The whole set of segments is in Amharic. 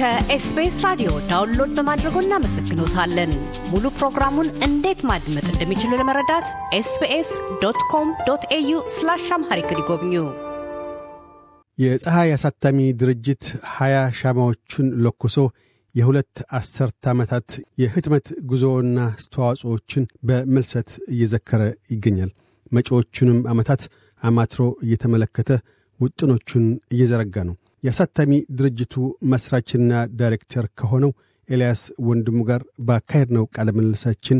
ከኤስቢኤስ ራዲዮ ዳውንሎድ በማድረጎ እናመሰግኖታለን። ሙሉ ፕሮግራሙን እንዴት ማድመጥ እንደሚችሉ ለመረዳት ኤስቢኤስ ዶት ኮም ዶት ኤዩ ስላሽ አምሃሪክ ይጎብኙ። የፀሐይ አሳታሚ ድርጅት ሀያ ሻማዎቹን ለኩሶ የሁለት አሠርተ ዓመታት የህትመት ጉዞና አስተዋጽኦችን በምልሰት እየዘከረ ይገኛል። መጪዎቹንም ዓመታት አማትሮ እየተመለከተ ውጥኖቹን እየዘረጋ ነው። የአሳታሚ ድርጅቱ መስራችና ዳይሬክተር ከሆነው ኤልያስ ወንድሙ ጋር በአካሄድ ቃለ ምልልሳችን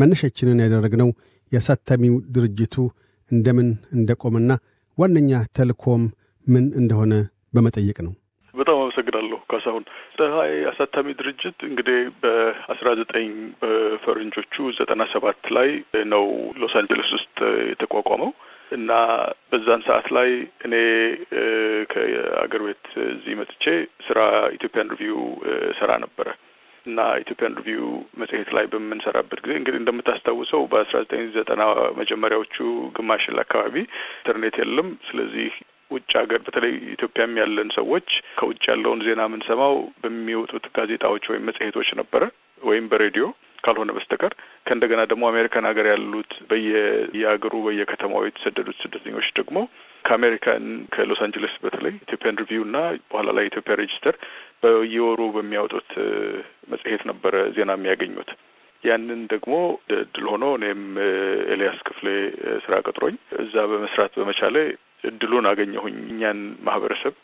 መነሻችንን ያደረግነው የአሳታሚው ድርጅቱ እንደምን እንደቆመና ዋነኛ ተልኮም ምን እንደሆነ በመጠየቅ ነው። በጣም አመሰግናለሁ ካሳሁን። ፀሐይ አሳታሚ ድርጅት እንግዲህ በአስራ ዘጠኝ በፈረንጆቹ ዘጠና ሰባት ላይ ነው ሎስ አንጀለስ ውስጥ የተቋቋመው። እና በዛን ሰዓት ላይ እኔ ከአገር ቤት እዚህ መጥቼ ስራ ኢትዮጵያን ሪቪው ሰራ ነበረ እና ኢትዮጵያን ሪቪው መጽሔት ላይ በምንሰራበት ጊዜ እንግዲህ እንደምታስታውሰው በአስራ ዘጠኝ ዘጠና መጀመሪያዎቹ ግማሽ አካባቢ ኢንተርኔት የለም። ስለዚህ ውጭ ሀገር በተለይ ኢትዮጵያም ያለን ሰዎች ከውጭ ያለውን ዜና የምንሰማው በሚወጡት ጋዜጣዎች ወይም መጽሔቶች ነበረ ወይም በሬዲዮ ካልሆነ በስተቀር ከእንደገና ደግሞ አሜሪካን ሀገር ያሉት በየየሀገሩ በየከተማው የተሰደዱት ስደተኞች ደግሞ ከአሜሪካን ከሎስ አንጀለስ በተለይ ኢትዮጵያን ሪቪው እና በኋላ ላይ ኢትዮጵያ ሬጅስተር በየወሩ በሚያወጡት መጽሔት ነበረ ዜና የሚያገኙት። ያንን ደግሞ እድል ሆኖ እኔም ኤልያስ ክፍሌ ስራ ቀጥሮኝ እዛ በመስራት በመቻሌ እድሉን አገኘሁኝ። እኛን ማህበረሰብ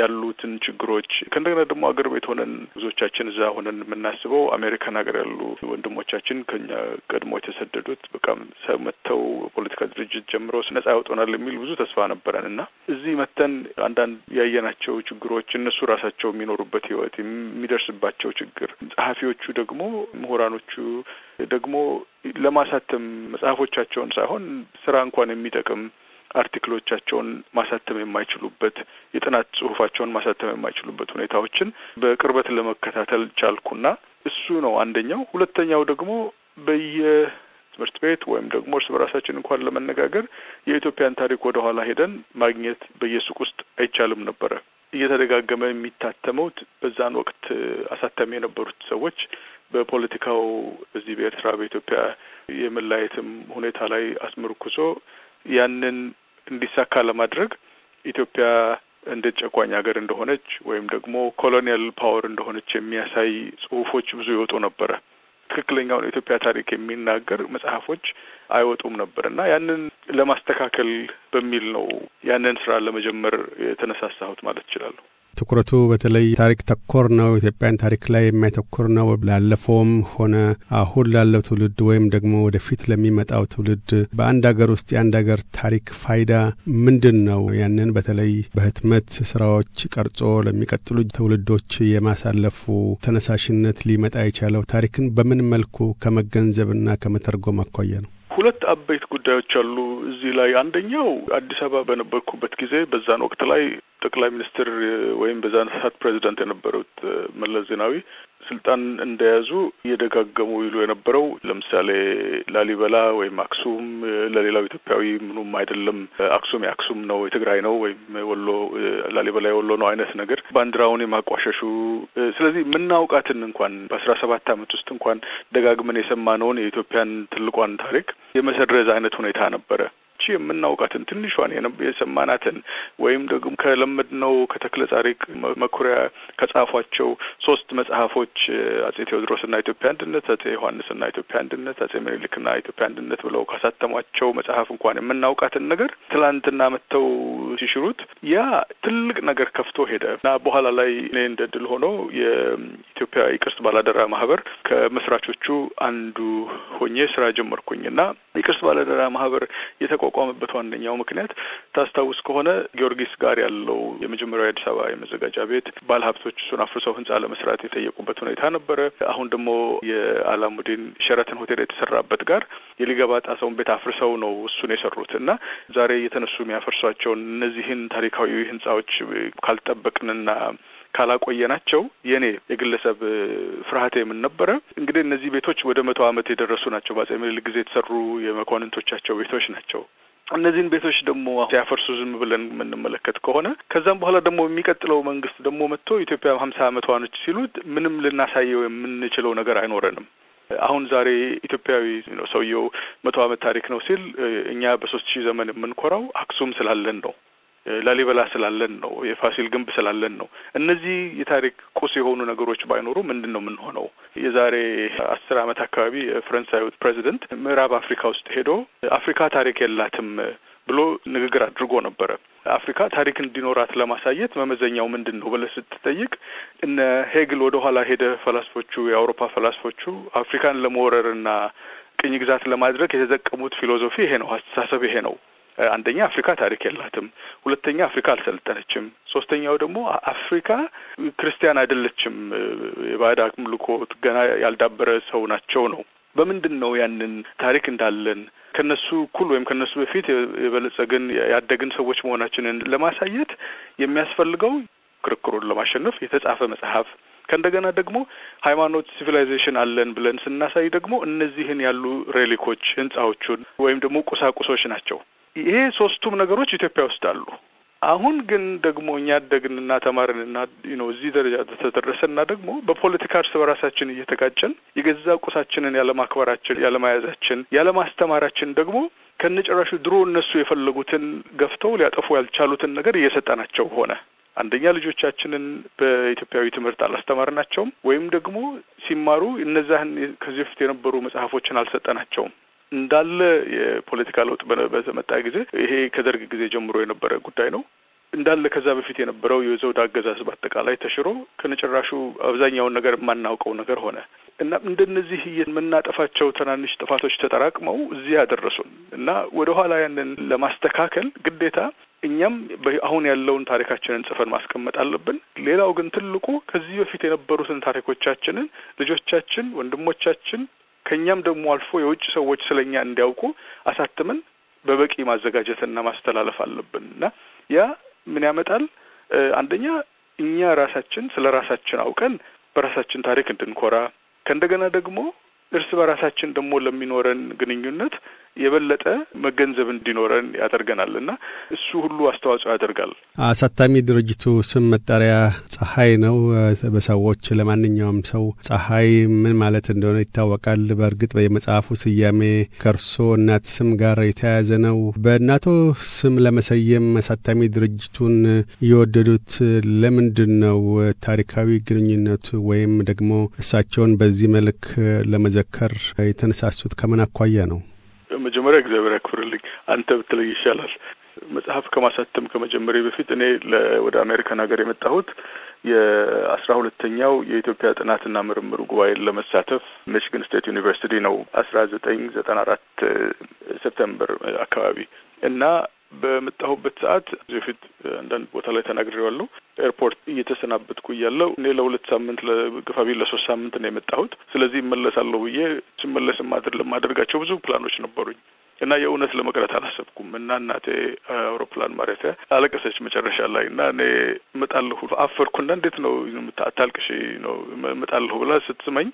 ያሉትን ችግሮች ከእንደገና ደግሞ አገር ቤት ሆነን ብዙዎቻችን እዛ ሆነን የምናስበው አሜሪካን ሀገር ያሉ ወንድሞቻችን ከኛ ቀድሞ የተሰደዱት በቃም መጥተው ፖለቲካ ድርጅት ጀምሮ ነጻ ያወጡናል የሚል ብዙ ተስፋ ነበረን እና እዚህ መተን አንዳንድ ያየናቸው ችግሮች እነሱ ራሳቸው የሚኖሩበት ህይወት የሚደርስባቸው ችግር ጸሐፊዎቹ ደግሞ ምሁራኖቹ ደግሞ ለማሳተም መጽሐፎቻቸውን ሳይሆን ስራ እንኳን የሚጠቅም አርቲክሎቻቸውን ማሳተም የማይችሉበት የጥናት ጽሁፋቸውን ማሳተም የማይችሉበት ሁኔታዎችን በቅርበት ለመከታተል ቻልኩና እሱ ነው አንደኛው። ሁለተኛው ደግሞ በየ ትምህርት ቤት ወይም ደግሞ እርስ በራሳችን እንኳን ለመነጋገር የኢትዮጵያን ታሪክ ወደ ኋላ ሄደን ማግኘት በየሱቅ ውስጥ አይቻልም ነበረ። እየተደጋገመ የሚታተመው በዛን ወቅት አሳተሚ የነበሩት ሰዎች በፖለቲካው እዚህ በኤርትራ በኢትዮጵያ የመለያየትም ሁኔታ ላይ አስመርኩሶ ያንን እንዲሳካ ለማድረግ ኢትዮጵያ እንደ ጨቋኝ ሀገር እንደሆነች ወይም ደግሞ ኮሎኒያል ፓወር እንደሆነች የሚያሳይ ጽሁፎች ብዙ ይወጡ ነበረ። ትክክለኛውን የኢትዮጵያ ታሪክ የሚናገር መጽሐፎች አይወጡም ነበር እና ያንን ለማስተካከል በሚል ነው ያንን ስራ ለመጀመር የተነሳሳሁት ማለት እችላለሁ። ትኩረቱ በተለይ ታሪክ ተኮር ነው፣ ኢትዮጵያን ታሪክ ላይ የሚያተኩር ነው። ላለፈውም ሆነ አሁን ላለው ትውልድ ወይም ደግሞ ወደፊት ለሚመጣው ትውልድ በአንድ ሀገር ውስጥ የአንድ ሀገር ታሪክ ፋይዳ ምንድን ነው? ያንን በተለይ በህትመት ስራዎች ቀርጾ ለሚቀጥሉ ትውልዶች የማሳለፉ ተነሳሽነት ሊመጣ የቻለው ታሪክን በምን መልኩ ከመገንዘብና ከመተርጎም አኳያ ነው? ሁለት አበይት ጉዳዮች አሉ እዚህ ላይ። አንደኛው አዲስ አበባ በነበርኩበት ጊዜ በዛን ወቅት ላይ ጠቅላይ ሚኒስትር ወይም በዛን ሰዓት ፕሬዚዳንት የነበሩት መለስ ዜናዊ ስልጣን እንደያዙ እየደጋገሙ ይሉ የነበረው ለምሳሌ ላሊበላ ወይም አክሱም ለሌላው ኢትዮጵያዊ ምኑም አይደለም፣ አክሱም የአክሱም ነው፣ የትግራይ ነው ወይም ወሎ ላሊበላ የወሎ ነው አይነት ነገር ባንዲራውን የማቋሸሹ ስለዚህ የምናውቃትን እንኳን በአስራ ሰባት አመት ውስጥ እንኳን ደጋግመን የሰማነውን የኢትዮጵያን ትልቋን ታሪክ የመሰረዝ አይነት ሁኔታ ነበረ። ይቺ የምናውቃትን ትንሿን የሰማናትን ወይም ደግሞ ከለመድነው ከተክለ ጻሪቅ መኩሪያ ከጻፏቸው ሶስት መጽሐፎች አጼ ቴዎድሮስና ኢትዮጵያ አንድነት፣ አጼ ዮሐንስና ኢትዮጵያ አንድነት፣ አጼ ምኒልክና ኢትዮጵያ አንድነት ብለው ካሳተሟቸው መጽሐፍ እንኳን የምናውቃትን ነገር ትላንትና መጥተው ሲሽሩት ያ ትልቅ ነገር ከፍቶ ሄደ እና በኋላ ላይ እኔ እንደ ድል ሆኖ የኢትዮጵያ የቅርስ ባላደራ ማህበር ከመስራቾቹ አንዱ ሆኜ ስራ ጀመርኩኝ እና የቅርስ ባላደራ ማህበር የተቋ የተቋቋመበት ዋነኛው ምክንያት ታስታውስ ከሆነ ጊዮርጊስ ጋር ያለው የመጀመሪያው የአዲስ አበባ የመዘጋጃ ቤት ባለሀብቶች እሱን አፍርሰው ህንጻ ለመስራት የጠየቁበት ሁኔታ ነበረ። አሁን ደግሞ የአላሙዲን ሸረትን ሆቴል የተሰራበት ጋር የሊገባ ጣሰውን ቤት አፍርሰው ነው እሱን የሰሩት እና ዛሬ የተነሱ የሚያፈርሷቸውን እነዚህን ታሪካዊ ህንጻዎች ካልጠበቅንና ካላቆየ ናቸው የኔ የግለሰብ ፍርሀቴ የምን ነበረ እንግዲህ እነዚህ ቤቶች ወደ መቶ ዓመት የደረሱ ናቸው። በአጼ ምኒልክ ጊዜ የተሰሩ የመኳንንቶቻቸው ቤቶች ናቸው። እነዚህን ቤቶች ደግሞ ሲያፈርሱ ዝም ብለን የምንመለከት ከሆነ ከዛም በኋላ ደግሞ የሚቀጥለው መንግስት ደግሞ መጥቶ ኢትዮጵያ ሀምሳ ዓመቷ ነች ሲሉት ምንም ልናሳየው የምንችለው ነገር አይኖረንም። አሁን ዛሬ ኢትዮጵያዊ ሰውየው መቶ አመት ታሪክ ነው ሲል እኛ በሶስት ሺህ ዘመን የምንኮራው አክሱም ስላለን ነው። ላሊበላ ስላለን ነው፣ የፋሲል ግንብ ስላለን ነው። እነዚህ የታሪክ ቁስ የሆኑ ነገሮች ባይኖሩ ምንድን ነው የምንሆነው? የዛሬ አስር ዓመት አካባቢ የፈረንሳዩ ፕሬዚደንት ምዕራብ አፍሪካ ውስጥ ሄዶ አፍሪካ ታሪክ የላትም ብሎ ንግግር አድርጎ ነበረ። አፍሪካ ታሪክ እንዲኖራት ለማሳየት መመዘኛው ምንድን ነው ብለህ ስትጠይቅ እነ ሄግል ወደ ኋላ ሄደ ፈላስፎቹ የአውሮፓ ፈላስፎቹ አፍሪካን ለመወረርና ቅኝ ግዛት ለማድረግ የተጠቀሙት ፊሎዞፊ ይሄ ነው፣ አስተሳሰብ ይሄ ነው አንደኛ አፍሪካ ታሪክ የላትም፣ ሁለተኛ አፍሪካ አልሰለጠነችም፣ ሶስተኛው ደግሞ አፍሪካ ክርስቲያን አይደለችም፣ የባዕድ አምልኮ ገና ያልዳበረ ሰው ናቸው ነው። በምንድን ነው ያንን ታሪክ እንዳለን ከነሱ እኩል ወይም ከነሱ በፊት የበለጸግን ያደግን ሰዎች መሆናችንን ለማሳየት የሚያስፈልገው ክርክሩን ለማሸነፍ የተጻፈ መጽሐፍ ከእንደገና ደግሞ ሃይማኖት ሲቪላይዜሽን አለን ብለን ስናሳይ ደግሞ እነዚህን ያሉ ሬሊኮች ህንጻዎቹን ወይም ደግሞ ቁሳቁሶች ናቸው። ይሄ ሶስቱም ነገሮች ኢትዮጵያ ውስጥ አሉ። አሁን ግን ደግሞ እኛ አደግንና ተማርንና ነው እዚህ ደረጃ ተደረሰና ደግሞ በፖለቲካ እርስ በራሳችን እየተጋጨን የገዛ ቁሳችንን ያለማክበራችን፣ ያለማያዛችን፣ ያለማስተማራችን ደግሞ ከነጭራሹ ድሮ እነሱ የፈለጉትን ገፍተው ሊያጠፉ ያልቻሉትን ነገር እየሰጠናቸው ሆነ። አንደኛ ልጆቻችንን በኢትዮጵያዊ ትምህርት አላስተማርናቸውም፣ ወይም ደግሞ ሲማሩ እነዛህን ከዚህ በፊት የነበሩ መጽሐፎችን አልሰጠናቸውም። እንዳለ የፖለቲካ ለውጥ በመጣ ጊዜ ይሄ ከደርግ ጊዜ ጀምሮ የነበረ ጉዳይ ነው። እንዳለ ከዛ በፊት የነበረው የዘውድ አገዛዝ በአጠቃላይ ተሽሮ ከነጭራሹ አብዛኛውን ነገር የማናውቀው ነገር ሆነ እና እንደነዚህ የምናጠፋቸው ትናንሽ ጥፋቶች ተጠራቅመው እዚህ ያደረሱን እና ወደ ኋላ ያንን ለማስተካከል ግዴታ እኛም አሁን ያለውን ታሪካችንን ጽፈን ማስቀመጥ አለብን። ሌላው ግን ትልቁ ከዚህ በፊት የነበሩትን ታሪኮቻችንን ልጆቻችን፣ ወንድሞቻችን ከእኛም ደግሞ አልፎ የውጭ ሰዎች ስለኛ እንዲያውቁ አሳትመን በበቂ ማዘጋጀትና ማስተላለፍ አለብን እና ያ ምን ያመጣል? አንደኛ እኛ ራሳችን ስለ ራሳችን አውቀን በራሳችን ታሪክ እንድንኮራ ከእንደገና ደግሞ እርስ በራሳችን ደግሞ ለሚኖረን ግንኙነት የበለጠ መገንዘብ እንዲኖረን ያደርገናል እና እሱ ሁሉ አስተዋጽኦ ያደርጋል። አሳታሚ ድርጅቱ ስም መጠሪያ ፀሐይ ነው። በሰዎች ለማንኛውም ሰው ፀሐይ ምን ማለት እንደሆነ ይታወቃል። በእርግጥ የመጽሐፉ ስያሜ ከእርሶ እናት ስም ጋር የተያያዘ ነው። በእናቶ ስም ለመሰየም አሳታሚ ድርጅቱን የወደዱት ለምንድን ነው? ታሪካዊ ግንኙነቱ ወይም ደግሞ እሳቸውን በዚህ መልክ ለመዘ እንዲዘከር የተነሳሱት ከምን አኳያ ነው? በመጀመሪያ እግዚአብሔር ያክብርልኝ። አንተ ብትለይ ይሻላል። መጽሐፍ ከማሳተም ከመጀመሪያ በፊት እኔ ወደ አሜሪካን ሀገር የመጣሁት የአስራ ሁለተኛው የኢትዮጵያ ጥናትና ምርምሩ ጉባኤን ለመሳተፍ ሚችግን ስቴት ዩኒቨርሲቲ ነው አስራ ዘጠኝ ዘጠና አራት ሴፕተምበር አካባቢ እና በመጣሁበት ሰዓት እዚህ በፊት አንዳንድ ቦታ ላይ ተናግሬዋለሁ። ኤርፖርት እየተሰናበትኩ እያለሁ እኔ ለሁለት ሳምንት ለግፋቢ ለሶስት ሳምንት ነው የመጣሁት። ስለዚህ እመለሳለሁ ብዬ ስመለስ ማድር ለማደርጋቸው ብዙ ፕላኖች ነበሩኝ። እና የእውነት ለመቅረት አላሰብኩም እና እናቴ አውሮፕላን ማረፊያ አለቀሰች መጨረሻ ላይ እና እኔ እመጣለሁ አፈርኩና እንዴት ነው አታልቅሽ ነው እመጣለሁ ብላ ስትስመኝ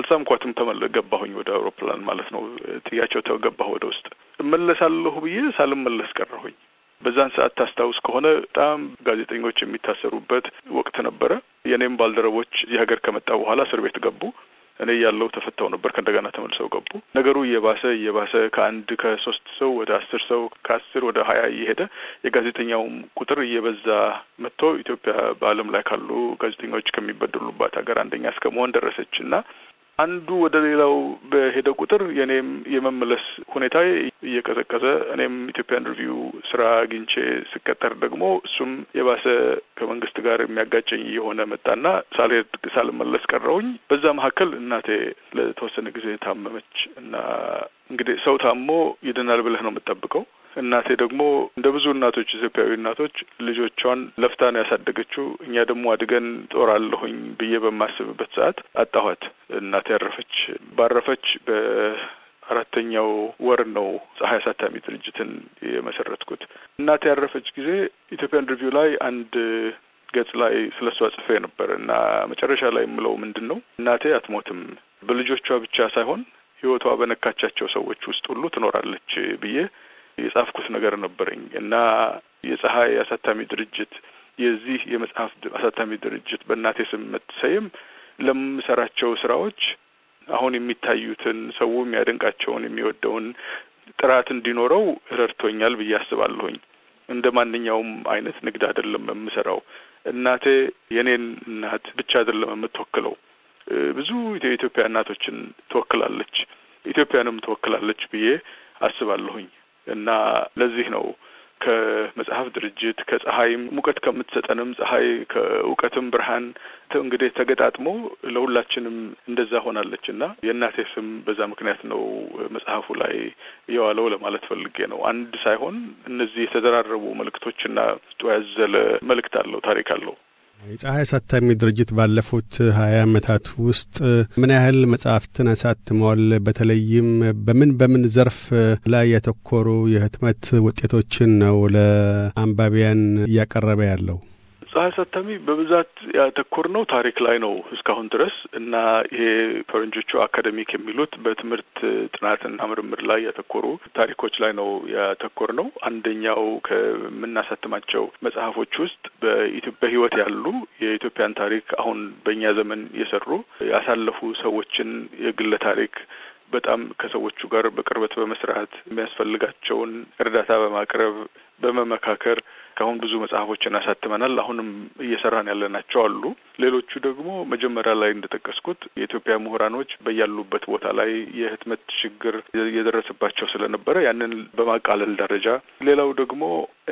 አልሳምኳትም። ተመለ ገባሁኝ ወደ አውሮፕላን ማለት ነው ጥያቸው ተገባሁ ወደ ውስጥ እመለሳለሁ ብዬ ሳልመለስ ቀረሁኝ። በዛን ሰዓት ታስታውስ ከሆነ በጣም ጋዜጠኞች የሚታሰሩበት ወቅት ነበረ። የእኔም ባልደረቦች እዚህ ሀገር ከመጣ በኋላ እስር ቤት ገቡ። እኔ ያለው ተፈተው ነበር። ከእንደገና ተመልሰው ገቡ። ነገሩ እየባሰ እየባሰ ከአንድ ከሶስት ሰው ወደ አስር ሰው ከአስር ወደ ሀያ እየሄደ የጋዜጠኛውም ቁጥር እየበዛ መጥቶ ኢትዮጵያ በዓለም ላይ ካሉ ጋዜጠኞች ከሚበደሉባት ሀገር አንደኛ እስከ መሆን ደረሰች እና አንዱ ወደ ሌላው በሄደ ቁጥር የእኔም የመመለስ ሁኔታ እየቀዘቀዘ እኔም ኢትዮጵያን ሪቪው ስራ አግኝቼ ስቀጠር ደግሞ እሱም የባሰ ከመንግስት ጋር የሚያጋጨኝ የሆነ መጣና ሳልሄድ ሳልመለስ ቀረውኝ። በዛ መካከል እናቴ ለተወሰነ ጊዜ ታመመች እና እንግዲህ ሰው ታሞ ይድናል ብለህ ነው የምጠብቀው። እናቴ ደግሞ እንደ ብዙ እናቶች ኢትዮጵያዊ እናቶች ልጆቿን ለፍታ ነው ያሳደገችው። እኛ ደግሞ አድገን ጦር አለሁኝ ብዬ በማስብበት ሰዓት አጣኋት። እናቴ ያረፈች ባረፈች በአራተኛው ወር ነው ፀሐይ አሳታሚ ድርጅትን የመሰረትኩት። እናቴ ያረፈች ጊዜ ኢትዮጵያን ሪቪው ላይ አንድ ገጽ ላይ ስለ እሷ ጽፌ ነበር እና መጨረሻ ላይ የምለው ምንድን ነው እናቴ አትሞትም በልጆቿ ብቻ ሳይሆን ህይወቷ በነካቻቸው ሰዎች ውስጥ ሁሉ ትኖራለች ብዬ የጻፍኩት ነገር ነበረኝ እና የፀሐይ አሳታሚ ድርጅት የዚህ የመጽሐፍ አሳታሚ ድርጅት በእናቴ ስም መትሰይም ለምሰራቸው ስራዎች አሁን የሚታዩትን ሰው የሚያደንቃቸውን የሚወደውን ጥራት እንዲኖረው ረድቶኛል ብዬ አስባለሁኝ። እንደ ማንኛውም አይነት ንግድ አይደለም የምሰራው። እናቴ የኔን እናት ብቻ አይደለም የምትወክለው፣ ብዙ የኢትዮጵያ እናቶችን ትወክላለች፣ ኢትዮጵያንም ትወክላለች ብዬ አስባለሁኝ። እና ለዚህ ነው ከመጽሐፍ ድርጅት ከፀሐይም ሙቀት ከምትሰጠንም ፀሐይ ከእውቀትም ብርሃን እንግዲህ ተገጣጥሞ ለሁላችንም እንደዛ ሆናለች እና የእናቴ ስም በዛ ምክንያት ነው መጽሐፉ ላይ የዋለው ለማለት ፈልጌ ነው። አንድ ሳይሆን እነዚህ የተዘራረቡ መልእክቶችና ያዘለ መልእክት አለው፣ ታሪክ አለው። የፀሐይ አሳታሚ ድርጅት ባለፉት ሀያ ዓመታት ውስጥ ምን ያህል መጽሐፍትን አሳትመዋል? በተለይም በምን በምን ዘርፍ ላይ ያተኮሩ የህትመት ውጤቶችን ነው ለአንባቢያን እያቀረበ ያለው? ፀሐይ አሳታሚ በብዛት ያተኮር ነው። ታሪክ ላይ ነው እስካሁን ድረስ እና ይሄ ፈረንጆቹ አካደሚክ የሚሉት በትምህርት ጥናትና ምርምር ላይ ያተኮሩ ታሪኮች ላይ ነው ያተኮር ነው። አንደኛው ከምናሳትማቸው መጽሐፎች ውስጥ በኢትዮጵያ ህይወት ያሉ የኢትዮጵያን ታሪክ አሁን በእኛ ዘመን የሰሩ ያሳለፉ ሰዎችን የግለ ታሪክ በጣም ከሰዎቹ ጋር በቅርበት በመስራት የሚያስፈልጋቸውን እርዳታ በማቅረብ በመመካከር እስካሁን ብዙ መጽሐፎችን አሳትመናል። አሁንም እየሰራን ያለናቸው አሉ። ሌሎቹ ደግሞ መጀመሪያ ላይ እንደጠቀስኩት የኢትዮጵያ ምሁራኖች በያሉበት ቦታ ላይ የህትመት ችግር እየደረሰባቸው ስለነበረ ያንን በማቃለል ደረጃ፣ ሌላው ደግሞ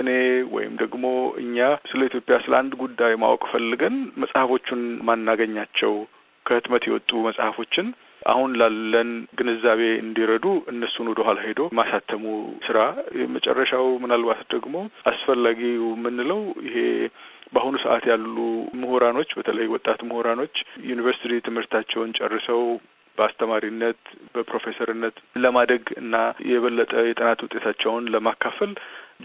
እኔ ወይም ደግሞ እኛ ስለ ኢትዮጵያ ስለ አንድ ጉዳይ ማወቅ ፈልገን መጽሐፎቹን ማናገኛቸው ከህትመት የወጡ መጽሐፎችን አሁን ላለን ግንዛቤ እንዲረዱ እነሱን ወደ ኋላ ሄዶ ማሳተሙ ስራ የመጨረሻው ምናልባት ደግሞ አስፈላጊው የምንለው ይሄ በአሁኑ ሰዓት ያሉ ምሁራኖች በተለይ ወጣት ምሁራኖች ዩኒቨርሲቲ ትምህርታቸውን ጨርሰው በአስተማሪነት በፕሮፌሰርነት ለማደግ እና የበለጠ የጥናት ውጤታቸውን ለማካፈል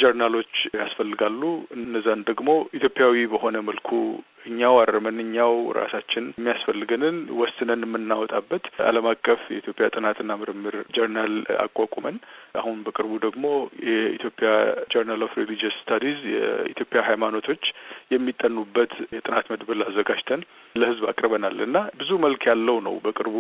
ጀርናሎች ያስፈልጋሉ። እነዛን ደግሞ ኢትዮጵያዊ በሆነ መልኩ እኛው አርመን እኛው ራሳችን የሚያስፈልገንን ወስነን የምናወጣበት ዓለም አቀፍ የኢትዮጵያ ጥናትና ምርምር ጀርናል አቋቁመን አሁን በቅርቡ ደግሞ የኢትዮጵያ ጀርናል ኦፍ ሪሊጂየስ ስታዲዝ የኢትዮጵያ ሃይማኖቶች የሚጠኑበት የጥናት መድብል አዘጋጅተን ለሕዝብ አቅርበናል እና ብዙ መልክ ያለው ነው። በቅርቡ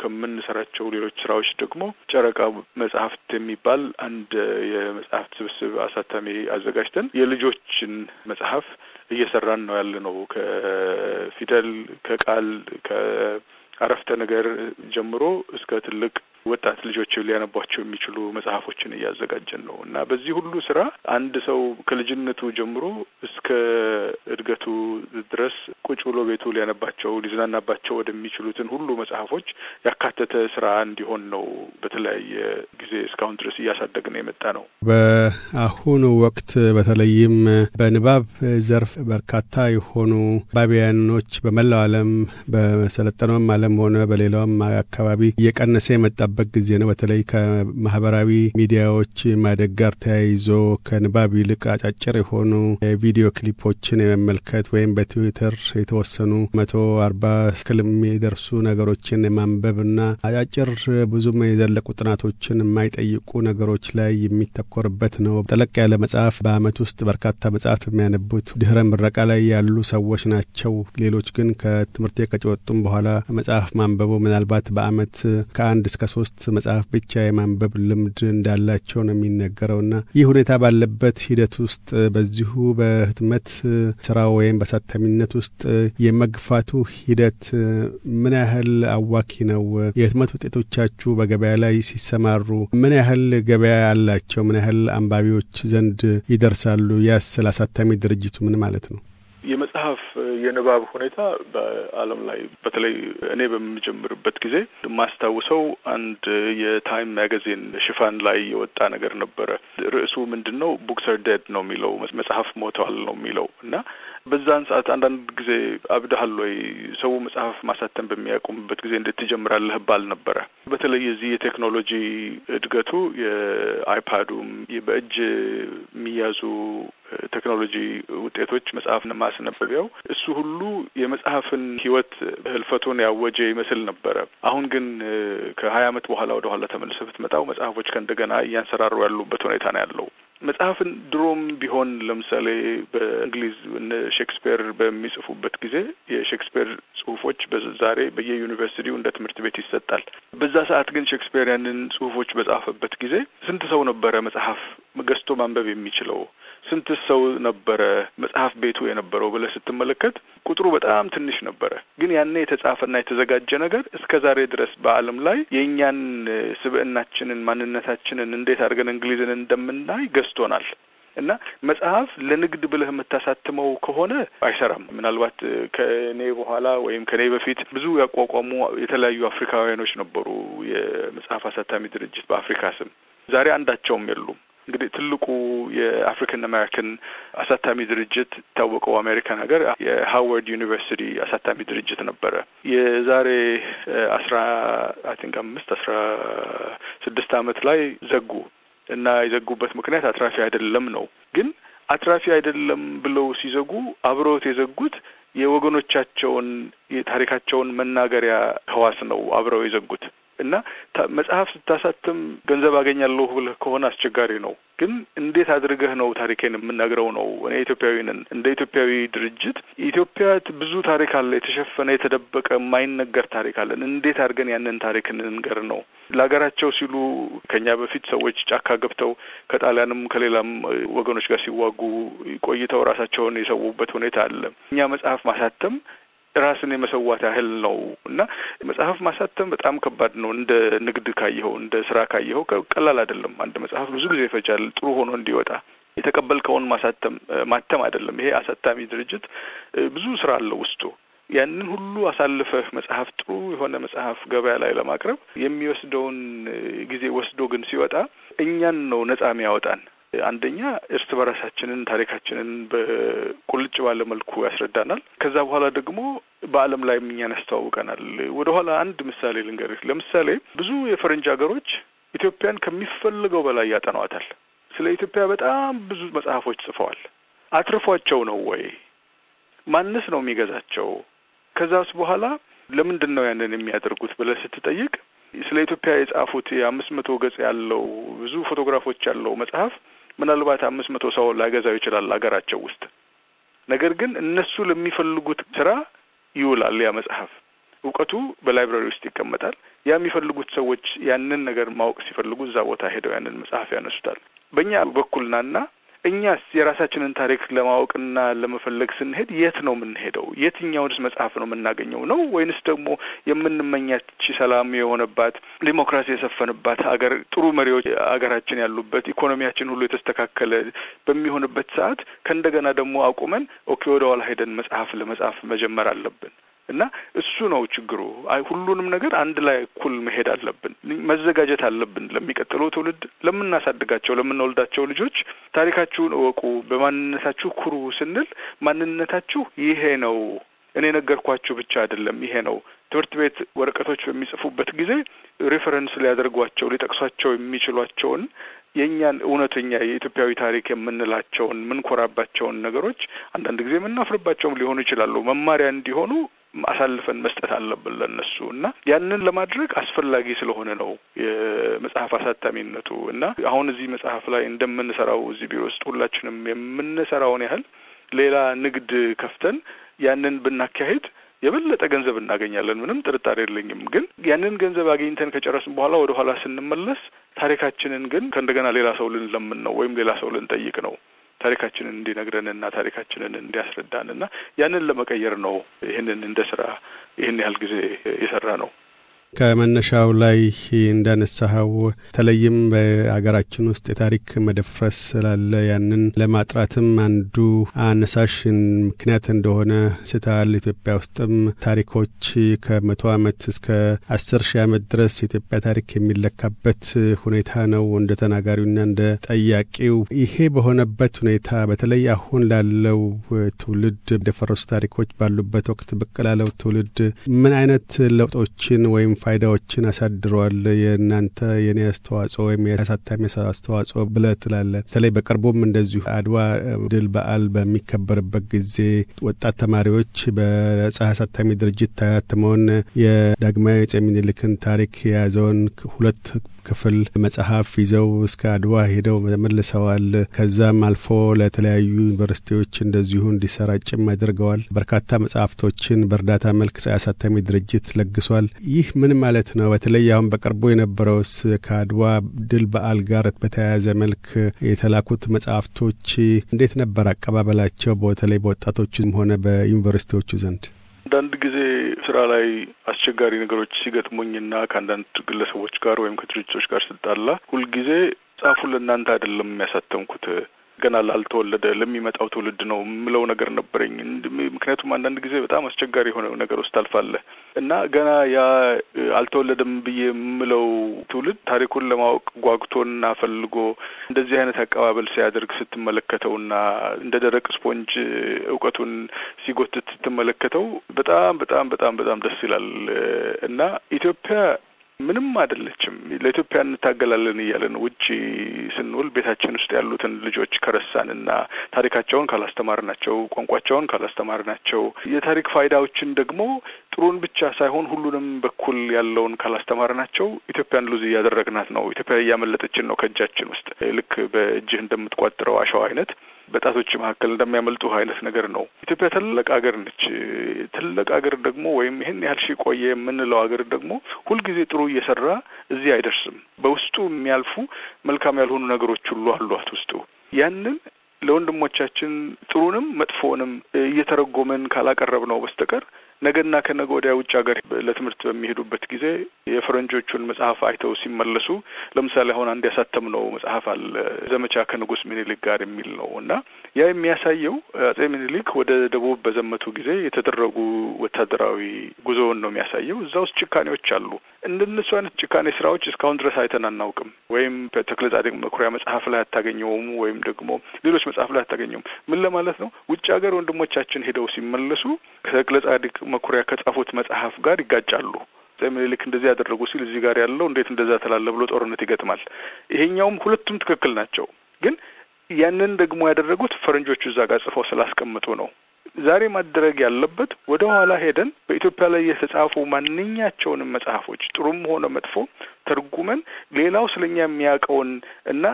ከምንሰራቸው ሌሎች ስራዎች ደግሞ ጨረቃ መጽሐፍት የሚባል አንድ የመጽሐፍት ስብስብ አሳታሚ አዘጋጅተን የልጆችን መጽሐፍ እየሰራን ነው ያለ ነው። ከፊደል ከቃል ከአረፍተ ነገር ጀምሮ እስከ ትልቅ ወጣት ልጆች ሊያነቧቸው የሚችሉ መጽሐፎችን እያዘጋጀን ነው እና በዚህ ሁሉ ስራ አንድ ሰው ከልጅነቱ ጀምሮ እስከ እድገቱ ድረስ ቁጭ ብሎ ቤቱ ሊያነባቸው ሊዝናናባቸው ወደሚችሉትን ሁሉ መጽሐፎች ያካተተ ስራ እንዲሆን ነው በተለያየ ጊዜ እስካሁን ድረስ እያሳደግን የመጣ ነው። በአሁኑ ወቅት በተለይም በንባብ ዘርፍ በርካታ የሆኑ ባቢያኖች በመላው ዓለም በሰለጠነውም ዓለም ሆነ በሌላውም አካባቢ እየቀነሰ የመጣ የምንኖርበት ጊዜ ነው። በተለይ ከማህበራዊ ሚዲያዎች ማደግ ጋር ተያይዞ ከንባብ ይልቅ አጫጭር የሆኑ የቪዲዮ ክሊፖችን የመመልከት ወይም በትዊተር የተወሰኑ መቶ አርባ እስክል የሚደርሱ ነገሮችን የማንበብና አጫጭር ብዙም የዘለቁ ጥናቶችን የማይጠይቁ ነገሮች ላይ የሚተኮርበት ነው። ጠለቅ ያለ መጽሐፍ በአመት ውስጥ በርካታ መጽሐፍ የሚያነቡት ድህረ ምረቃ ላይ ያሉ ሰዎች ናቸው። ሌሎች ግን ከትምህርት ከጭወጡም በኋላ መጽሐፍ ማንበቡ ምናልባት በአመት ከአንድ እስከ ሶስት መጽሐፍ ብቻ የማንበብ ልምድ እንዳላቸው ነው ና ይህ ሁኔታ ባለበት ሂደት ውስጥ በዚሁ በህትመት ስራ ወይም በሳታሚነት ውስጥ የመግፋቱ ሂደት ምን ያህል አዋኪ ነው? የህትመት ውጤቶቻችሁ በገበያ ላይ ሲሰማሩ ምን ያህል ገበያ አላቸው? ምን ያህል አንባቢዎች ዘንድ ይደርሳሉ? ያስ ለአሳታሚ ድርጅቱ ምን ማለት ነው? የመጽሐፍ የንባብ ሁኔታ በዓለም ላይ በተለይ እኔ በምጀምርበት ጊዜ የማስታውሰው አንድ የታይም ማጋዚን ሽፋን ላይ የወጣ ነገር ነበረ። ርዕሱ ምንድን ነው? ቡክሰር ዴድ ነው የሚለው መጽሐፍ ሞተዋል ነው የሚለው እና በዛን ሰዓት አንዳንድ ጊዜ አብድሃል ወይ ሰው መጽሐፍ ማሳተም በሚያቆምበት ጊዜ እንዴት ትጀምራለህ ባል ነበረ። በተለይ የዚህ የቴክኖሎጂ እድገቱ የአይፓዱም በእጅ የሚያዙ ቴክኖሎጂ ውጤቶች መጽሐፍን ማስነበቢያው እሱ ሁሉ የመጽሐፍን ህይወት ህልፈቱን ያወጀ ይመስል ነበረ። አሁን ግን ከሀያ አመት በኋላ ወደ ኋላ ተመልሰ ብትመጣው መጽሐፎች ከእንደገና እያንሰራሩ ያሉበት ሁኔታ ነው ያለው። መጽሐፍን ድሮም ቢሆን ለምሳሌ በእንግሊዝ እነ ሼክስፒር በሚጽፉበት ጊዜ የሼክስፒር ጽሁፎች ዛሬ በየዩኒቨርሲቲው እንደ ትምህርት ቤት ይሰጣል። በዛ ሰዓት ግን ሼክስፒር ያንን ጽሁፎች በጻፈበት ጊዜ ስንት ሰው ነበረ መጽሐፍ ገዝቶ ማንበብ የሚችለው? ስንት ሰው ነበረ መጽሐፍ ቤቱ የነበረው ብለህ ስትመለከት ቁጥሩ በጣም ትንሽ ነበረ። ግን ያኔ የተጻፈና የተዘጋጀ ነገር እስከ ዛሬ ድረስ በዓለም ላይ የእኛን ስብዕናችንን፣ ማንነታችንን እንዴት አድርገን እንግሊዝን እንደምናይ ገዝቶናል። እና መጽሐፍ ለንግድ ብለህ የምታሳትመው ከሆነ አይሰራም። ምናልባት ከእኔ በኋላ ወይም ከእኔ በፊት ብዙ ያቋቋሙ የተለያዩ አፍሪካውያኖች ነበሩ የመጽሐፍ አሳታሚ ድርጅት በአፍሪካ ስም። ዛሬ አንዳቸውም የሉም። እንግዲህ ትልቁ የአፍሪካን አሜሪካን አሳታሚ ድርጅት ታወቀው አሜሪካን ሀገር የሃዋርድ ዩኒቨርሲቲ አሳታሚ ድርጅት ነበረ። የዛሬ አስራ አይ ቲንክ አምስት አስራ ስድስት አመት ላይ ዘጉ እና የዘጉበት ምክንያት አትራፊ አይደለም ነው። ግን አትራፊ አይደለም ብለው ሲዘጉ አብረውት የዘጉት የወገኖቻቸውን የታሪካቸውን መናገሪያ ህዋስ ነው አብረው የዘጉት እና መጽሐፍ ስታሳትም ገንዘብ አገኛለሁ ብለህ ከሆነ አስቸጋሪ ነው። ግን እንዴት አድርገህ ነው ታሪኬን የምናግረው ነው? እኔ ኢትዮጵያዊ ነን። እንደ ኢትዮጵያዊ ድርጅት ኢትዮጵያ ብዙ ታሪክ አለ፣ የተሸፈነ የተደበቀ የማይነገር ታሪክ አለን። እንዴት አድርገን ያንን ታሪክ እንንገር ነው? ለሀገራቸው ሲሉ ከኛ በፊት ሰዎች ጫካ ገብተው ከጣሊያንም ከሌላም ወገኖች ጋር ሲዋጉ ቆይተው ራሳቸውን የሰዉበት ሁኔታ አለ። እኛ መጽሐፍ ማሳተም ራስን የመሰዋት ያህል ነው እና መጽሐፍ ማሳተም በጣም ከባድ ነው። እንደ ንግድ ካየኸው፣ እንደ ስራ ካየኸው ቀላል አይደለም። አንድ መጽሐፍ ብዙ ጊዜ ይፈጃል ጥሩ ሆኖ እንዲወጣ የተቀበልከውን ማሳተም ማተም አይደለም። ይሄ አሳታሚ ድርጅት ብዙ ስራ አለው ውስጡ። ያንን ሁሉ አሳልፈህ መጽሐፍ ጥሩ የሆነ መጽሐፍ ገበያ ላይ ለማቅረብ የሚወስደውን ጊዜ ወስዶ ግን ሲወጣ እኛን ነው ነጻ የሚያወጣን አንደኛ እርስ በራሳችንን ታሪካችንን በቁልጭ ባለ መልኩ ያስረዳናል። ከዛ በኋላ ደግሞ በዓለም ላይ እኛን ያስተዋውቀናል። ወደ ኋላ አንድ ምሳሌ ልንገርህ። ለምሳሌ ብዙ የፈረንጅ ሀገሮች ኢትዮጵያን ከሚፈልገው በላይ ያጠኗታል። ስለ ኢትዮጵያ በጣም ብዙ መጽሐፎች ጽፈዋል። አትርፏቸው ነው ወይ? ማንስ ነው የሚገዛቸው? ከዛስ በኋላ ለምንድን ነው ያንን የሚያደርጉት ብለህ ስትጠይቅ ስለ ኢትዮጵያ የጻፉት የአምስት መቶ ገጽ ያለው ብዙ ፎቶግራፎች ያለው መጽሐፍ ምናልባት አምስት መቶ ሰው ላገዛው ይችላል አገራቸው ውስጥ። ነገር ግን እነሱ ለሚፈልጉት ስራ ይውላል ያ መጽሐፍ። እውቀቱ በላይብራሪ ውስጥ ይቀመጣል። ያ የሚፈልጉት ሰዎች ያንን ነገር ማወቅ ሲፈልጉ እዛ ቦታ ሄደው ያንን መጽሐፍ ያነሱታል። በእኛ በኩል ናና እኛስ የራሳችንን ታሪክ ለማወቅና ለመፈለግ ስንሄድ የት ነው የምንሄደው? የትኛውንስ መጽሐፍ ነው የምናገኘው ነው ወይንስ ደግሞ የምንመኛች ሰላም የሆነባት ዲሞክራሲ የሰፈንባት አገር ጥሩ መሪዎች አገራችን ያሉበት ኢኮኖሚያችን ሁሉ የተስተካከለ በሚሆንበት ሰዓት ከእንደገና ደግሞ አቁመን ኦኬ ወደ ኋላ ሄደን መጽሐፍ ለመጻፍ መጀመር አለብን። እና እሱ ነው ችግሩ። አይ ሁሉንም ነገር አንድ ላይ እኩል መሄድ አለብን፣ መዘጋጀት አለብን። ለሚቀጥለው ትውልድ፣ ለምናሳድጋቸው፣ ለምንወልዳቸው ልጆች ታሪካችሁን እወቁ፣ በማንነታችሁ ኩሩ ስንል ማንነታችሁ ይሄ ነው እኔ ነገርኳችሁ ብቻ አይደለም ይሄ ነው። ትምህርት ቤት ወረቀቶች በሚጽፉበት ጊዜ ሪፈረንስ ሊያደርጓቸው ሊጠቅሷቸው የሚችሏቸውን የእኛን እውነተኛ የኢትዮጵያዊ ታሪክ የምንላቸውን ምንኮራባቸውን ነገሮች አንዳንድ ጊዜ የምናፍርባቸውም ሊሆኑ ይችላሉ መማሪያ እንዲሆኑ አሳልፈን መስጠት አለብን ለነሱ እና ያንን ለማድረግ አስፈላጊ ስለሆነ ነው የመጽሐፍ አሳታሚነቱ እና አሁን እዚህ መጽሐፍ ላይ እንደምንሰራው እዚህ ቢሮ ውስጥ ሁላችንም የምንሰራውን ያህል ሌላ ንግድ ከፍተን ያንን ብናካሄድ የበለጠ ገንዘብ እናገኛለን፣ ምንም ጥርጣሬ የለኝም። ግን ያንን ገንዘብ አግኝተን ከጨረስን በኋላ ወደ ኋላ ስንመለስ ታሪካችንን ግን ከእንደገና ሌላ ሰው ልንለምን ነው ወይም ሌላ ሰው ልንጠይቅ ነው። ታሪካችንን እንዲነግረንና ታሪካችንን እንዲያስረዳንና ያንን ለመቀየር ነው ይህንን እንደ ስራ ይህን ያህል ጊዜ የሰራ ነው። ከመነሻው ላይ እንዳነሳኸው በተለይም በሀገራችን ውስጥ የታሪክ መደፍረስ ስላለ ያንን ለማጥራትም አንዱ አነሳሽ ምክንያት እንደሆነ ስታል። ኢትዮጵያ ውስጥም ታሪኮች ከመቶ ዓመት እስከ አስር ሺህ ዓመት ድረስ የኢትዮጵያ ታሪክ የሚለካበት ሁኔታ ነው እንደ ተናጋሪውና እንደ ጠያቂው። ይሄ በሆነበት ሁኔታ በተለይ አሁን ላለው ትውልድ የደፈረሱ ታሪኮች ባሉበት ወቅት ብቅ ላለው ትውልድ ምን አይነት ለውጦችን ወይም ፋይዳዎችን አሳድረዋል። የእናንተ የኔ አስተዋጽኦ ወይም የአሳታሚ አስተዋጽኦ ብለ ትላለ። በተለይ በቅርቡም እንደዚሁ አድዋ ድል በዓል በሚከበርበት ጊዜ ወጣት ተማሪዎች በነጻ አሳታሚ ድርጅት ታያትመውን የዳግማዊ አፄ ምኒልክን ታሪክ የያዘውን ሁለት ክፍል መጽሐፍ ይዘው እስከ አድዋ ሄደው ተመልሰዋል። ከዛም አልፎ ለተለያዩ ዩኒቨርሲቲዎች እንደዚሁ እንዲሰራጭም አድርገዋል። በርካታ መጽሐፍቶችን በእርዳታ መልክ ያሳተሚ ድርጅት ለግሷል። ይህ ምን ማለት ነው? በተለይ አሁን በቅርቡ የነበረውስ ከአድዋ ድል በዓል ጋር በተያያዘ መልክ የተላኩት መጽሐፍቶች እንዴት ነበር አቀባበላቸው በተለይ በወጣቶችም ሆነ በዩኒቨርሲቲዎቹ ዘንድ? አንዳንድ ጊዜ ስራ ላይ አስቸጋሪ ነገሮች ሲገጥሙኝና ከአንዳንድ ግለሰቦች ጋር ወይም ከድርጅቶች ጋር ስጣላ ሁልጊዜ ጻፉ ለእናንተ አይደለም የሚያሳተምኩት ገና ላልተወለደ ለሚመጣው ትውልድ ነው የምለው ነገር ነበረኝ። ምክንያቱም አንዳንድ ጊዜ በጣም አስቸጋሪ የሆነ ነገር ውስጥ አልፋለ እና ገና ያ አልተወለደም ብዬ የምለው ትውልድ ታሪኩን ለማወቅ ጓጉቶና ፈልጎ እንደዚህ አይነት አቀባበል ሲያደርግ ስትመለከተውና እንደ ደረቅ ስፖንጅ እውቀቱን ሲጎትት ስትመለከተው በጣም በጣም በጣም በጣም ደስ ይላል እና ኢትዮጵያ ምንም አይደለችም። ለኢትዮጵያ እንታገላለን እያለን ውጭ ስንውል ቤታችን ውስጥ ያሉትን ልጆች ከረሳንና ታሪካቸውን ካላስተማርናቸው፣ ቋንቋቸውን ካላስተማርናቸው፣ የታሪክ ፋይዳዎችን ደግሞ ጥሩን ብቻ ሳይሆን ሁሉንም በኩል ያለውን ካላስተማርናቸው ኢትዮጵያን ሉዝ እያደረግናት ነው። ኢትዮጵያ እያመለጠችን ነው ከእጃችን ውስጥ ልክ በእጅህ እንደምትቋጥረው አሸዋ አይነት በጣቶች መካከል እንደሚያመልጡ አይነት ነገር ነው። ኢትዮጵያ ትልቅ ሀገር ነች። ትልቅ ሀገር ደግሞ ወይም ይህን ያህል ሺ ቆየ የምንለው ሀገር ደግሞ ሁልጊዜ ጥሩ እየሰራ እዚህ አይደርስም። በውስጡ የሚያልፉ መልካም ያልሆኑ ነገሮች ሁሉ አሏት ውስጡ ያንን ለወንድሞቻችን ጥሩንም መጥፎንም እየተረጎመን ካላቀረብ ነው በስተቀር ነገና ከነገ ወዲያ ውጭ ሀገር ለትምህርት በሚሄዱበት ጊዜ የፈረንጆቹን መጽሐፍ አይተው ሲመለሱ ለምሳሌ አሁን አንድ ያሳተምነው መጽሐፍ አለ ዘመቻ ከንጉስ ሚኒሊክ ጋር የሚል ነው እና ያ የሚያሳየው አጼ ምኒልክ ወደ ደቡብ በዘመቱ ጊዜ የተደረጉ ወታደራዊ ጉዞውን ነው የሚያሳየው። እዛ ውስጥ ጭካኔዎች አሉ። እንደነሱ አይነት ጭካኔ ስራዎች እስካሁን ድረስ አይተን አናውቅም። ወይም በተክለ ጻድቅ መኩሪያ መጽሐፍ ላይ አታገኘውም፣ ወይም ደግሞ ሌሎች መጽሐፍ ላይ አታገኘውም። ምን ለማለት ነው? ውጭ ሀገር ወንድሞቻችን ሄደው ሲመለሱ ከተክለ ጻድቅ መኩሪያ ከጻፉት መጽሐፍ ጋር ይጋጫሉ። አፄ ምኒልክ እንደዚህ ያደረጉ ሲል እዚህ ጋር ያለው እንዴት እንደዛ ተላለ ብሎ ጦርነት ይገጥማል። ይሄኛውም ሁለቱም ትክክል ናቸው ግን ያንን ደግሞ ያደረጉት ፈረንጆቹ እዛ ጋር ጽፈው ስላስቀምጡ ነው። ዛሬ ማድረግ ያለበት ወደ ኋላ ሄደን በኢትዮጵያ ላይ የተጻፉ ማንኛቸውንም መጽሐፎች ጥሩም ሆነ መጥፎ ተርጉመን ሌላው ስለኛ የሚያውቀውን እና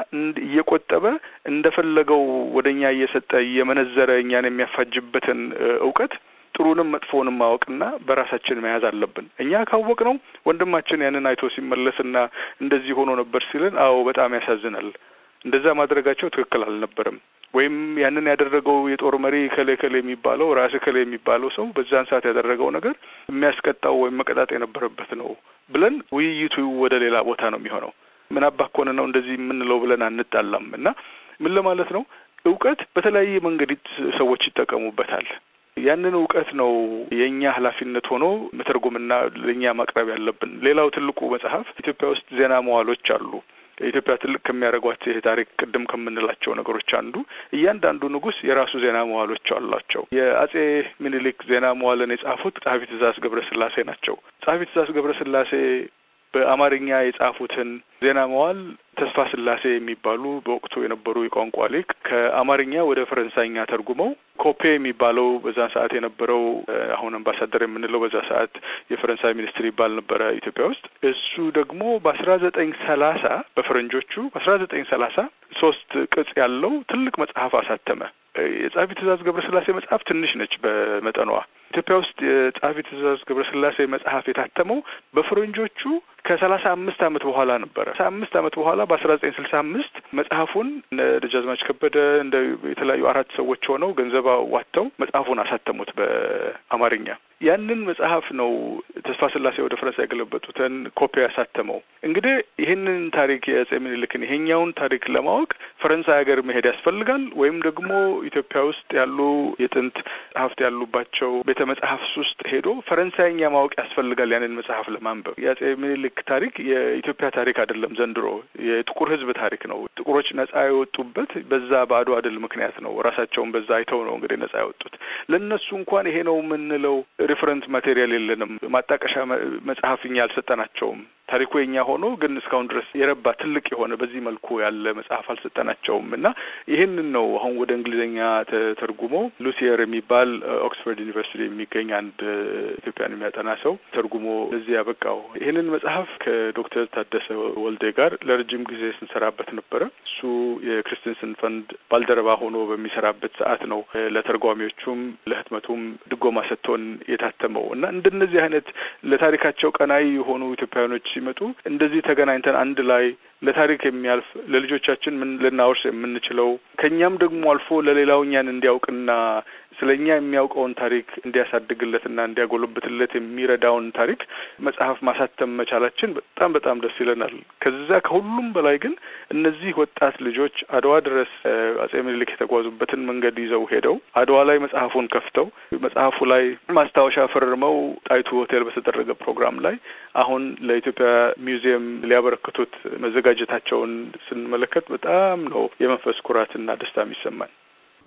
እየቆጠበ እንደፈለገው ወደ እኛ እየሰጠ እየመነዘረ እኛን የሚያፋጅበትን እውቀት ጥሩንም መጥፎውንም ማወቅና በራሳችን መያዝ አለብን። እኛ ካወቅ ነው ወንድማችን ያንን አይቶ ሲመለስና እንደዚህ ሆኖ ነበር ሲለን፣ አዎ በጣም ያሳዝናል እንደዛ ማድረጋቸው ትክክል አልነበረም። ወይም ያንን ያደረገው የጦር መሪ ከሌ ከሌ የሚባለው ራስ ከሌ የሚባለው ሰው በዛን ሰዓት ያደረገው ነገር የሚያስቀጣው ወይም መቀጣት የነበረበት ነው ብለን ውይይቱ ወደ ሌላ ቦታ ነው የሚሆነው። ምን አባኮን ነው እንደዚህ የምንለው ብለን አንጣላም። እና ምን ለማለት ነው እውቀት በተለያየ መንገድ ሰዎች ይጠቀሙበታል። ያንን እውቀት ነው የእኛ ኃላፊነት ሆኖ መተርጎምና ለእኛ ማቅረብ ያለብን። ሌላው ትልቁ መጽሐፍ ኢትዮጵያ ውስጥ ዜና መዋሎች አሉ ኢትዮጵያ ትልቅ ከሚያደርጓት የታሪክ ታሪክ ቅድም ከምንላቸው ነገሮች አንዱ እያንዳንዱ ንጉስ የራሱ ዜና መዋሎች አሏቸው። የአጼ ምኒልክ ዜና መዋልን የጻፉት ጸሐፊ ትእዛዝ ገብረስላሴ ናቸው። ጸሐፊ ትእዛዝ ገብረስላሴ በአማርኛ የጻፉትን ዜና መዋል ተስፋ ስላሴ የሚባሉ በወቅቱ የነበሩ የቋንቋ ሊቅ ከአማርኛ ወደ ፈረንሳይኛ ተርጉመው ኮፔ የሚባለው በዛን ሰዓት የነበረው አሁን አምባሳደር የምንለው በዛ ሰዓት የፈረንሳይ ሚኒስትር ይባል ነበረ ኢትዮጵያ ውስጥ። እሱ ደግሞ በአስራ ዘጠኝ ሰላሳ በፈረንጆቹ በአስራ ዘጠኝ ሰላሳ ሶስት ቅጽ ያለው ትልቅ መጽሐፍ አሳተመ። የጸሐፊ ትእዛዝ ገብረስላሴ መጽሐፍ ትንሽ ነች በመጠኗ። ኢትዮጵያ ውስጥ የጸሐፊ ትእዛዝ ገብረስላሴ መጽሐፍ የታተመው በፈረንጆቹ ከሰላሳ አምስት ዓመት በኋላ ነበረ። ሰላሳ አምስት ዓመት በኋላ በአስራ ዘጠኝ ስልሳ አምስት መጽሐፉን እነ ደጃዝማች ከበደ እንደ የተለያዩ አራት ሰዎች ሆነው ገንዘብ አዋጥተው መጽሐፉን አሳተሙት በአማርኛ። ያንን መጽሐፍ ነው ተስፋ ስላሴ ወደ ፈረንሳይ ያገለበጡትን ኮፒ ያሳተመው። እንግዲህ ይህንን ታሪክ የአጼ ምኒልክን ይሄኛውን ታሪክ ለማወቅ ፈረንሳይ ሀገር መሄድ ያስፈልጋል፣ ወይም ደግሞ ኢትዮጵያ ውስጥ ያሉ የጥንት ጸሐፍት ያሉባቸው ቤተ መጽሐፍት ውስጥ ሄዶ ፈረንሳይኛ ማወቅ ያስፈልጋል ያንን መጽሐፍ ለማንበብ። የአጼ ምኒልክ ታሪክ የኢትዮጵያ ታሪክ አይደለም ዘንድሮ የጥቁር ህዝብ ታሪክ ነው። ጥቁሮች ነጻ የወጡበት በዛ በአድዋ ድል ምክንያት ነው። ራሳቸውን በዛ አይተው ነው እንግዲህ ነጻ ያወጡት። ለእነሱ እንኳን ይሄ ነው የምንለው ሪፈረንስ ማቴሪያል የለንም። ማጣቀሻ መጽሐፍ እኛ አልሰጠናቸውም። ታሪኩ የኛ ሆኖ ግን እስካሁን ድረስ የረባ ትልቅ የሆነ በዚህ መልኩ ያለ መጽሐፍ አልሰጠናቸውም እና ይህንን ነው አሁን ወደ እንግሊዝኛ ተተርጉሞ ሉሲየር የሚባል ኦክስፎርድ ዩኒቨርሲቲ የሚገኝ አንድ ኢትዮጵያን የሚያጠና ሰው ተርጉሞ እዚህ ያበቃው። ይህንን መጽሐፍ ከዶክተር ታደሰ ወልዴ ጋር ለረጅም ጊዜ ስንሰራበት ነበረ። እሱ የክርስቲንስን ፈንድ ባልደረባ ሆኖ በሚሰራበት ሰዓት ነው ለተርጓሚዎቹም ለህትመቱም ድጎማ ሰጥቶን የታተመው እና እንደነዚህ አይነት ለታሪካቸው ቀናይ የሆኑ ኢትዮጵያውያኖች ሲመጡ እንደዚህ ተገናኝተን አንድ ላይ ለታሪክ የሚያልፍ ለልጆቻችን ምን ልናወርስ የምንችለው ከእኛም ደግሞ አልፎ ለሌላው እኛን እንዲያውቅና ስለ እኛ የሚያውቀውን ታሪክ እንዲያሳድግለትና እንዲያጎለብትለት የሚረዳውን ታሪክ መጽሐፍ ማሳተም መቻላችን በጣም በጣም ደስ ይለናል። ከዛ ከሁሉም በላይ ግን እነዚህ ወጣት ልጆች አድዋ ድረስ አጼ ምኒልክ የተጓዙበትን መንገድ ይዘው ሄደው አድዋ ላይ መጽሐፉን ከፍተው መጽሐፉ ላይ ማስታወሻ ፈርመው ጣይቱ ሆቴል በተደረገ ፕሮግራም ላይ አሁን ለኢትዮጵያ ሚውዚየም ሊያበረክቱት መዘጋጀታቸውን ስንመለከት በጣም ነው የመንፈስ ኩራትና ደስታ የሚሰማን።